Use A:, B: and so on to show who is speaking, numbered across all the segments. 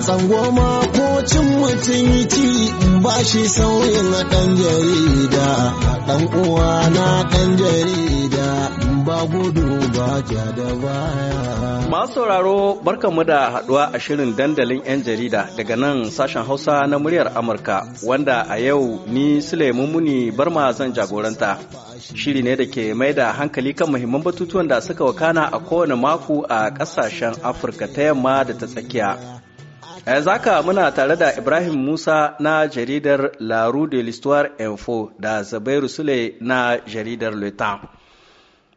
A: tsangoma ko cin mutum yi ba shi sauyin na ɗan jarida ɗan uwa na ɗan jarida ba gudu
B: ba ja da baya.
A: Masu sauraro barkanmu da haɗuwa a shirin dandalin 'yan jarida daga nan sashen Hausa na muryar Amurka wanda a yau ni Suleiman Muni Barma zan jagoranta. Shiri ne da ke mai da hankali kan muhimman batutuwan da suka wakana a kowane mako a ƙasashen Afirka ta yamma da ta tsakiya. yanzu eh, haka muna tare da Ibrahim Musa na jaridar La Rue de l'Histoire Info da Zabairu Sule na jaridar Le Temps.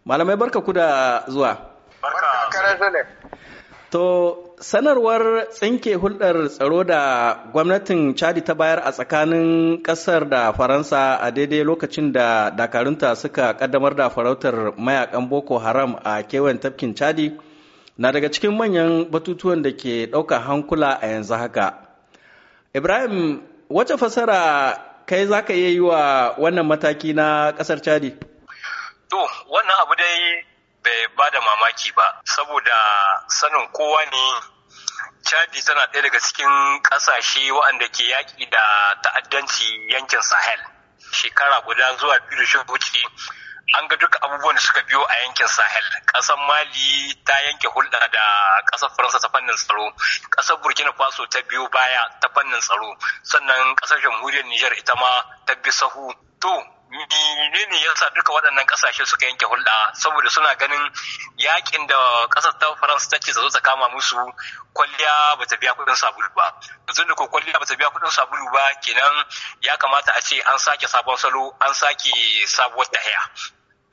A: Malamai barka ku da zuwa. To sanarwar tsinke hulɗar tsaro da gwamnatin Chadi ta bayar a tsakanin ƙasar da Faransa a daidai lokacin da dakarunta suka ƙaddamar da farautar mayakan Boko Haram a kewayen tafkin Chadi. na daga cikin manyan batutuwan da ke ɗaukar hankula a yanzu haka. Ibrahim, wace fasara kai za ka iya yi wa wannan mataki na ƙasar Chadi?
C: To, wannan abu dai bai ba da mamaki ba, saboda sanin kowa ne Chadi tana ɗaya daga cikin ƙasashe waɗanda ke yaƙi da ta'addanci yankin Sahel. Shekara guda zuwa biyu da wuce an ga duk abubuwan da suka biyo a yankin sahel ƙasar mali ta yanke hulɗa da ƙasar faransa ta fannin tsaro ƙasar burkina faso ta biyo baya ta fannin tsaro sannan ƙasar jamhuriyar niger ita ma ta bi sahu to menene yasa duka waɗannan ƙasashe suka yanke hulɗa saboda suna ganin yakin da ƙasar ta faransa ta ce zo ta kama musu kwalliya ba ta biya kuɗin sabulu ba yanzu da ko kwalliya ba ta biya kuɗin sabulu ba kenan ya kamata a ce an sake sabon salo an sake sabuwar tahiya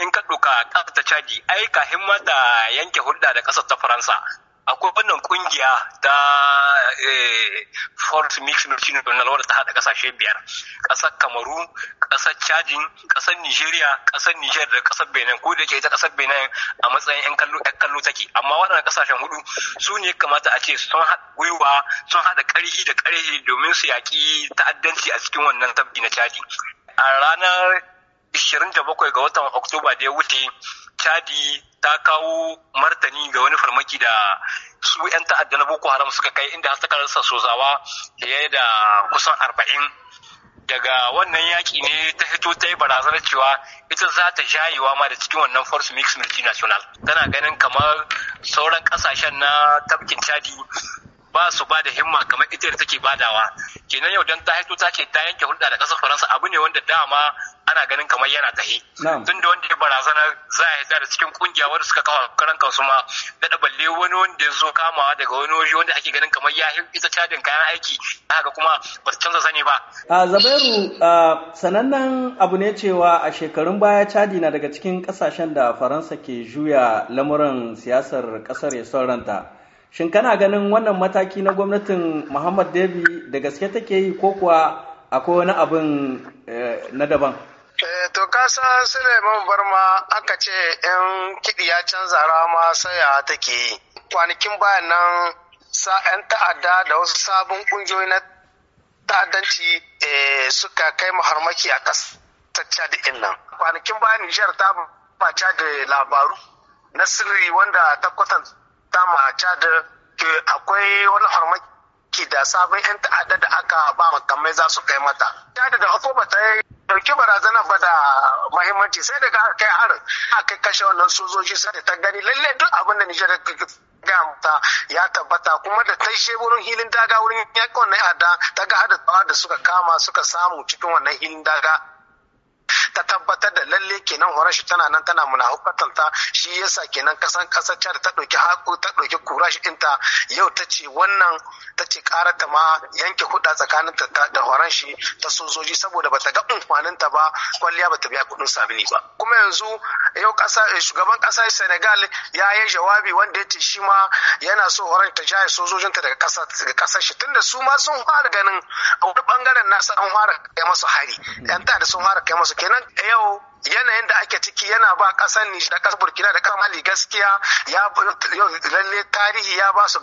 C: in ka ɗauka ƙasar ta cadi ai kahin ma ta yanke hulɗa da ƙasar ta faransa akwai wannan kungiya ta fort mix multinational wadda ta hada kasashe biyar kasar kamaru kasar chadin kasar nigeria kasar niger da kasar benin ko da ke ita kasar benin a matsayin yan kallo yan kallo take amma waɗannan kasashen hudu su ne kamata a ce sun haɗa gwiwa sun haɗa ƙarfi da ƙarfi domin su yaƙi ta'addanci a cikin wannan tabbi na chadin a ranar 27 ga watan Oktoba da ya wuce Chadi ta kawo martani ga wani farmaki da su 'yan ta'adda na Boko Haram suka kai inda suka rasa sozawa fiye da kusan 40 daga wannan yaƙi ne ta fito ta yi barazanar cewa ita za ta jayewa ma da cikin wannan force mix multinational tana ganin kamar sauran ƙasashen na tafkin chadi ba su ba da himma kamar ita da take badawa kenan yau dan ta haito take ta yanke hulɗa da ƙasar faransa abu ne wanda dama ana ganin kamar yana tahi tun da wanda ya barazana za a hita da cikin kungiya wanda suka kawo karan kansu ma da balle wani wanda ya zo kamawa daga wani waje wanda ake ganin kamar ya ita cadin kayan aiki haka kuma ba su canza sani ba
A: a zabairu sanannen abu ne cewa a shekarun baya cadi na daga cikin kasashen da faransa ke juya lamuran siyasar kasar ya son ranta shin kana ganin wannan mataki na gwamnatin muhammad debi da gaske take yi ko kuwa akwai wani abin eh, na daban eh, to kasa suleiman barma aka ce yan kiɗi ya canza
B: rama saya take yi kwanakin bayan nan ta'adda da wasu sabon ƙungiyoyi na ta'addanci eh, suka kai maharmaki a ƙasar chad nan kwanakin bayan nijar ta bace da labaru na sirri wanda ta kwatanta samu ke akwai wani farmaki da sabon 'yan ta'adda da aka ba makamai za su kai mata chad da hako ba ta yi dauki barazana ba da mahimmanci sai daga aka kai harin aka kashe wannan sojoji sai da ta gani lallai duk abin da nijar ta mata, ya tabbata kuma da ta she wurin hilin daga wurin yaƙon na yada ta ga hada da suka kama suka samu cikin wannan hilin daga ta tabbatar da lalle kenan horon tana nan tana munahukatan ta shi yasa kenan kasan kasar Chad ta dauki haƙo ta dauki kurashi ɗinta yau ta ce wannan ta ce ta ma yanke huda tsakanin ta da horon ta sojoji saboda bata ga umfanin ta ba kwalliya bata biya kuɗin sabini ba kuma yanzu yau eh, shugaban kasar senegal ya yi jawabi wanda ya ce shi ma yana so horon ta jaye sojojinta daga kasar shi tunda su ma sun fara ganin a wani bangaren nasu an fara kai masu hari yan da sun fara kai masu kenan yau yanayin da ake ciki yana ba kasar da kasar burkina da kasar mali gaskiya ya lalle tarihi ya ba su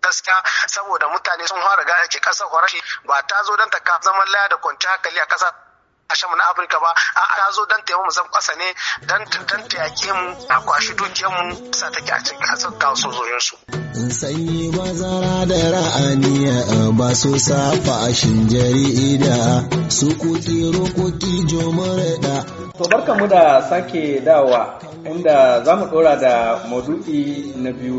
B: gaskiya saboda mutane sun fara gaya ke kasar horashi ba ta zo don ta zaman laya da kwanciyar hankali a kasar kasashenmu na afirka ba a ta zo don taimu mu zan kwasa ne dan ta ke mu a kwashi dukiyar mu sa take a cikin kasar kawo sojoyin su. in
C: sanyi bazara da
A: ra'aniya ba su safa a jarida su kuki rokoki jomar da. to barkamu da sake dawa inda za mu ɗora da maudu'i na biyu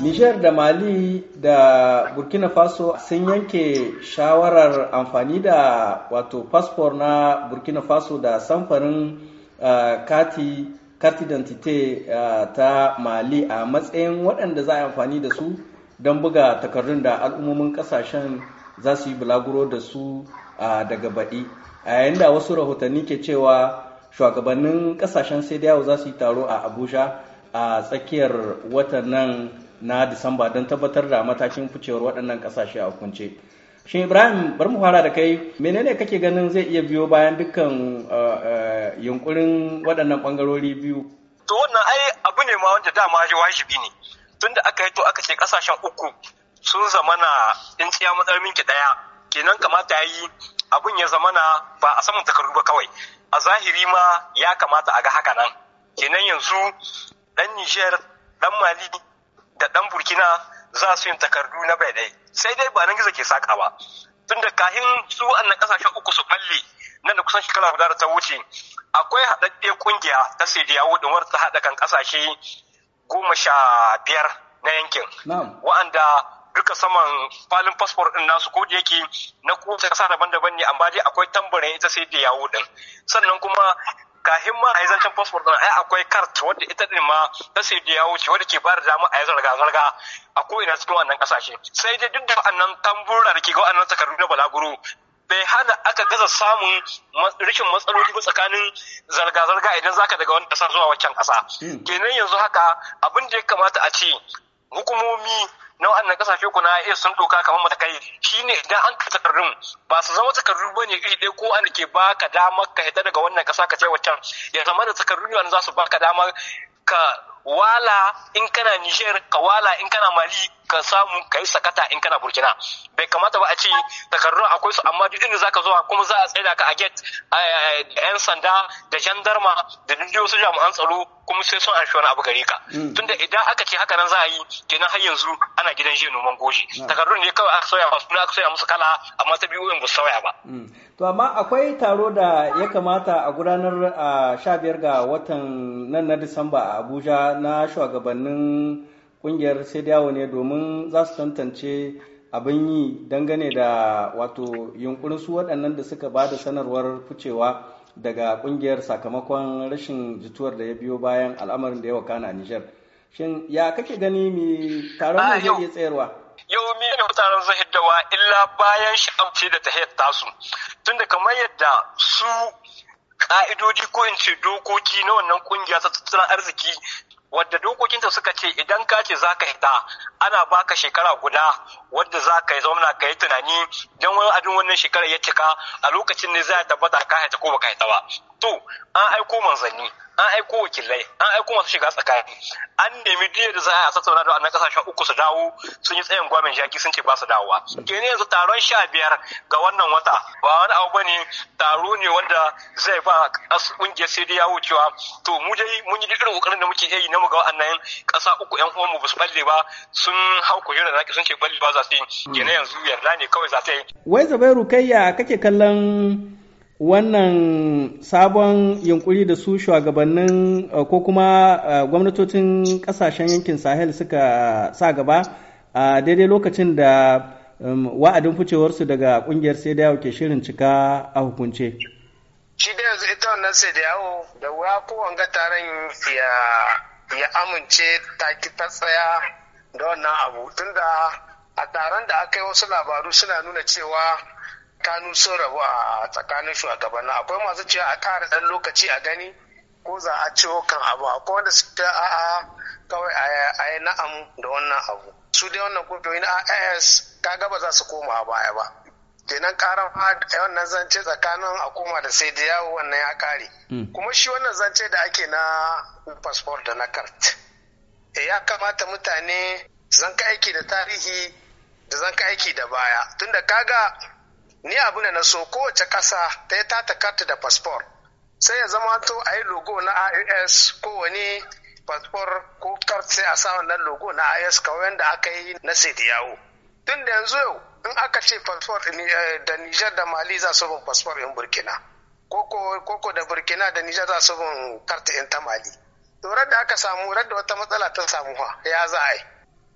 A: Nijar da Mali da Burkina Faso sun yanke shawarar amfani da wato fasfor na Burkina Faso da samfarin uh, kati kati dantite uh, ta Mali a matsayin waɗanda za a amfani da su don buga takardun da al'ummomin ƙasashen za su yi bulaguro da su uh, daga baɗi. A yayin da wasu rahotanni ke cewa shugabannin ƙasashen sai da yawo za su yi taro a Abuja a tsakiyar watan nan na disamba don tabbatar da matakin ficewar waɗannan ƙasashe a hukunce shin ibrahim bar mu fara da kai menene kake ganin zai iya biyo bayan dukkan uh, uh, yunkurin waɗannan ɓangarori biyu to wannan
C: ai abu ne ma wanda dama wajibi ne tunda aka yi to aka ce ƙasashen uku sun zamana in tsiya matsalmin ki ɗaya kenan kamata ya yi abun ya zamana ba a saman takardu ba kawai a zahiri ma ya kamata a ga haka nan kenan yanzu ɗan niger ɗan mali da dan burkina za su yin takardu na bai dai sai dai ba nan gizo ke saka ba tunda kahin su wannan kasashen uku su balle nan da kusan shekara guda da ta wuce akwai haɗaɗɗe kungiya ta sediyawo din wata ta haɗa kan kasashe goma sha biyar na yankin wa'anda duka saman falin fasfor din nasu ko da yake na kowace kasa daban-daban ne amma dai akwai tambarin ita sai da yawo din sannan kuma kahin ma a yi zancen fosfor din ai akwai kart wadda ita din ma ta sai da ya wuce wadda ke bayar da dama a yi zarga zarga a ko'ina cikin wannan kasashe sai dai duk da wannan tambura da ke ga wannan takardu na balaguro bai hana aka gaza samun rikin matsaloli ba tsakanin zarga-zarga idan zaka daga wani ƙasar zuwa waccan ƙasa. Hmm. Kenan yanzu haka abin da ya kamata a ce hukumomi nau'an na kasashe ku na iya sun doka kamar matakai shi ne idan an takardun ba su zama takardu ne iri ɗaya ko an ke ka dama ka hita daga wannan kasa ka ce wacan ya zama da takardu ne za su ba ka damar ka wala in kana Niger ka wala in kana Mali ka samu ka yi sakata in kana burkina bai kamata ba a ce takarrun akwai su amma duk inda zaka zo kuma za a tsaida ka a gate yan sanda da jandarma da duk wasu jami'an tsaro kuma sai sun anshi wani abu gare ka mm. tunda idan aka ce haka nan za a yi kenan har yanzu ana gidan jiya noman goji mm. takarrun ne kawai aka sauya masu aka sauya musu kala amma ta biyu ba su sauya ba mm.
A: to amma akwai taro da ya kamata a gudanar a biyar ga watan nan na Disamba a Abuja na shugabannin kungiyar sai dawo ne domin za su tantance abin yi dangane da wato yunkurin su waɗannan da suka ba da sanarwar ficewa daga kungiyar sakamakon rashin jituwar da ya biyo bayan al'amarin da ya wakana a Nijar. Shin ya kake gani mai taron da ah, zai tsayarwa? Yau
C: mi ne taron zai hiddawa illa bayan shi amce da ta hiyar tasu. Tunda kamar yadda su ka'idodi ko in ce dokoki na wannan kungiya ta tattalin arziki wadda dokokinta suka ce idan ka ce za ka hita ana baka shekara guda wadda za ka yi zauna ka yi tunani don wani adin wannan shekara ya cika a lokacin ne za a tabbata ka haita ko baka hita ba to an aiko manzanni an aiko wakilai an aiko masu shiga tsakani an nemi diya da za a tattauna da wannan kasashen uku su dawo sun yi tsayin gwamin jaki sun ce ba su dawowa ne yanzu taron sha biyar ga wannan wata ba wani abu bane taro ne wanda zai ba kungiyar sai dai yawo cewa to mu dai mun yi irin kokarin da muke yi na mu ga wannan kasa uku yan uwanmu ba su balle ba sun hau ku da zaki sun ce balle ba za su yi ne yanzu yarda ne kawai za ta
A: yi wai zubairu ya kake kallon wannan sabon yunkuri da su shugabannin uh, ko kuma uh, gwamnatocin kasashen yankin sahel suka sa gaba a daidai lokacin da um, wa'adin ficewarsu daga kungiyar sai da yawo ke shirin cika a hukunce
B: shi da yanzu ita wannan sai da yawo da wuya kowane ga taron ya amince taki ta tsaya da wannan abu tunda a taron da aka yi wasu labaru suna nuna cewa kanu sun rabu a tsakanin shugabannin akwai masu cewa a kare ɗan lokaci a gani ko za a ciwo kan abu akwai wanda su ta a'a kawai a yi na'am da wannan abu su dai wannan kungiyoyi na as kaga ba za su koma a baya ba kenan karan wannan zance tsakanin a koma da sai da yawo wannan ya kare hmm. kuma shi wannan zance da ake na passport da na kart eh, ya kamata mutane zan ka aiki da tarihi da zan ka aiki da baya tunda kaga ni abu ne na so kowace ƙasa ta yi tata karta da fasfor sai ya zama to a yi logo na ias ko wani fasfor ko kart sai a sa wannan logo na ias kawai wanda aka yi na sediyawo tun da yanzu yau in aka ce fasfor eh, da nijar da mali za su bin fasfor in burkina koko da burkina da nijar za su bin kart in ta mali to da aka samu da wata matsala ta samuwa ya za a yi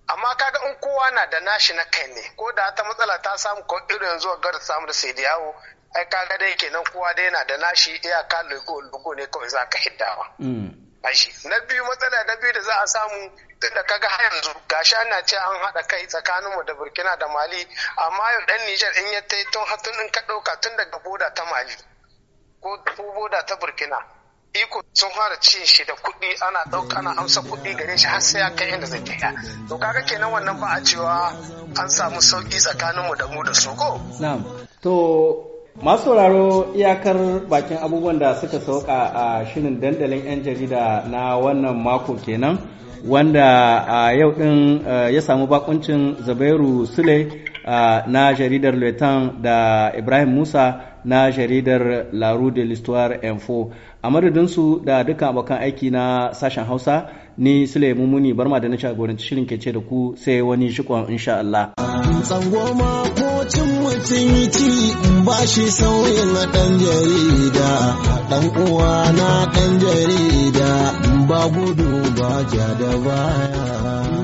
B: amma kaga in kowa na da nashi na kai ne ko da ta matsala ta samu ko irin yanzu ga da samu da sai yawo ai kaga dai kenan kowa dai na da nashi iyaka lugo lugo ne kawai za ka hiddawa mm. ashi na biyu matsala na biyu da za a samu tunda kaga har yanzu gashi ana ce an haɗa kai tsakanin mu da Burkina da Mali amma yau dan Niger in ya tai tun hatun in ka ɗauka tun daga boda ta Mali ko boda ta Burkina iko sun fara cin shi da kuɗi ana ɗauka ana amsa kuɗi gare shi har sai ya kai inda zai kai to kaga kenan wannan ba a cewa an samu sauki tsakaninmu da mu da
A: su ko na'am to masu sauraro iyakar bakin abubuwan da suka sauka a shirin dandalin 'yan jarida na wannan mako kenan wanda a yau din ya samu bakuncin Zubairu sule na jaridar letan da ibrahim musa na jaridar La Rue de l'Histoire Info. A madadinsu da dukkan abokan aiki na sashen Hausa ni Sule Mumuni barma da na jagoranci shirin ke ce da ku sai wani shikon insha Allah.
B: Tsango ma ko cin mutum ci in ba shi sauyin na ɗan jarida,
C: ɗan uwa na ɗan jarida, ba gudu ba ja da baya.